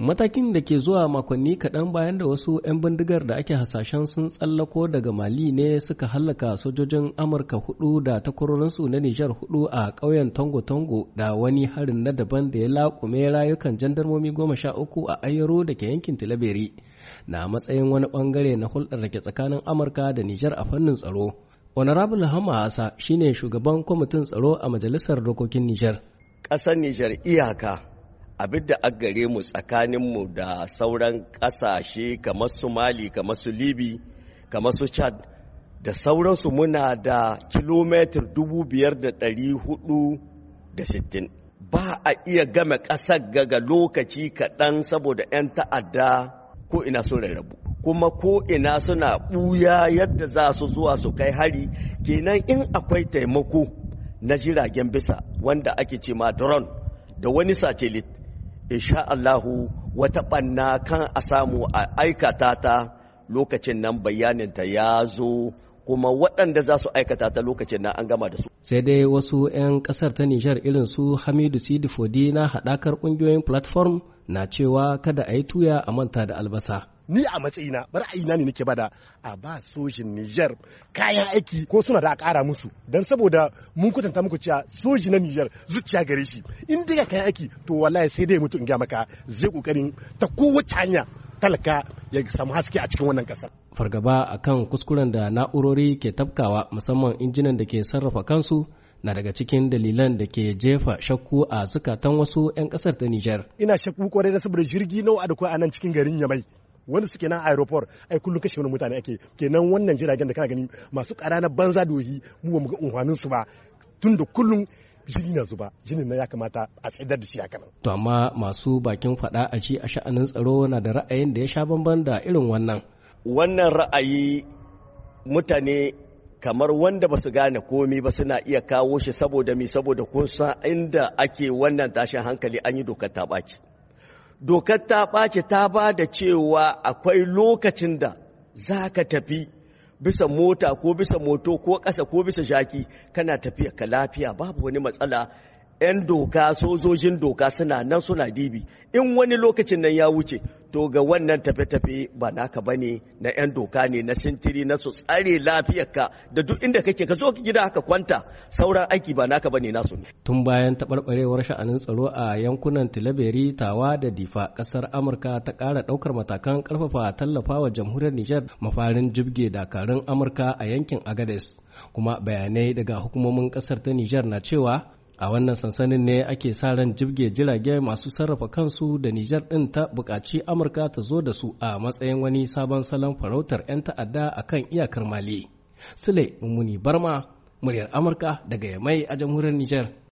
matakin da ke zuwa makonni kaɗan bayan da wasu 'yan bindigar da ake hasashen sun tsallako daga mali ne suka hallaka sojojin amurka hudu da takwarorinsu na nijar hudu a ƙauyen Tongo Tongo da wani harin na daban da ya laƙume rayukan jandarmomi goma sha uku a ayyaro da ke yankin tilaberi na matsayin wani ɓangare na hulɗar da ke tsakanin amurka da nijar a fannin tsaro honorable hama hasa shine shugaban kwamitin tsaro a majalisar dokokin nijar ƙasar nijar iyaka abin da an gare mu tsakaninmu da sauran ƙasashe kamar su mali kamar su libi kamar su chad da sauransu muna da kilomitar 5,460 ba a iya game ƙasar gaga lokaci kaɗan saboda 'yan ta'adda ko ina sun rarrabu kuma ko ina suna ɓuya yadda za su zuwa su kai hari kenan in akwai taimako na jiragen bisa wanda ake ce ma drone da wani satelit insha Allahu wata ɓanna kan a samu a aikata ta lokacin nan ta ya zo kuma waɗanda za su aikata ta lokacin nan an gama da su. Sai dai wasu 'yan ƙasar ta Nijar irin su Hamidu Sidi Fodi na haɗakar ƙungiyoyin platform na cewa kada a yi tuya a manta da albasa. ni a matsayina ba ina ne nake bada a ba sojin Niger kayan aiki ko suna da a kara musu dan saboda mun kutanta muku cewa soji na Niger zuciya gare shi in dai kayan aiki to wallahi sai dai mutu in ga maka zai kokarin ta kowace hanya talaka ya samu haske a cikin wannan kasar Fargaba akan kuskuren da na'urori ke tafkawa musamman injinan da ke sarrafa kansu na daga cikin dalilan da ke jefa shakku a zukatan wasu 'yan kasar ta Nijar. Ina shakku kwarai da saboda jirgi nawa da a nan cikin garin Yamai wanda suke nan aeroport ai kullum kashe wani mutane ake kenan wannan jiragen da kana gani masu kara na banza dohi mu ba mu ga unhwanin su ba tun da kullum jini na zuba jinin na ya kamata a tsaidar da shi a kanan. To amma masu bakin fada a ci a sha'anin tsaro na da ra'ayin da ya sha bamban da irin wannan. Wannan ra'ayi mutane kamar wanda ba su gane komi ba suna iya kawo shi saboda mi saboda kun san inda ake wannan tashin hankali an yi dokar ta baki dokar ta ɓace ta ba da cewa akwai lokacin da za ka tafi bisa mota ko bisa moto ko ƙasa ko bisa shaki kana tafiya ka lafiya babu wani matsala 'yan doka sojojin doka suna nan suna dibi in wani lokacin nan ya wuce to ga wannan tafe-tafe ba naka ne na 'yan doka ne na sintiri na su tsare lafiyarka da duk inda kake ka zo gida haka kwanta sauran aiki ba naka bane nasu ne tun bayan taɓarɓarewar sha'anin tsaro a yankunan tilaberi tawa da difa ƙasar amurka ta ƙara ɗaukar matakan ƙarfafa tallafawa jamhuriyar nijar mafarin jibge dakarun amurka a yankin agades kuma bayanai daga hukumomin ƙasar ta nijar na cewa a wannan sansanin ne ake sa ran jibge jirage masu sarrafa kansu da nijar ɗin ta bukaci amurka ta zo da su a matsayin wani sabon salon farautar 'yan ta'adda a kan iyakar mali sule mummuni barma muryar amurka daga yamai a jamhuriyar nijar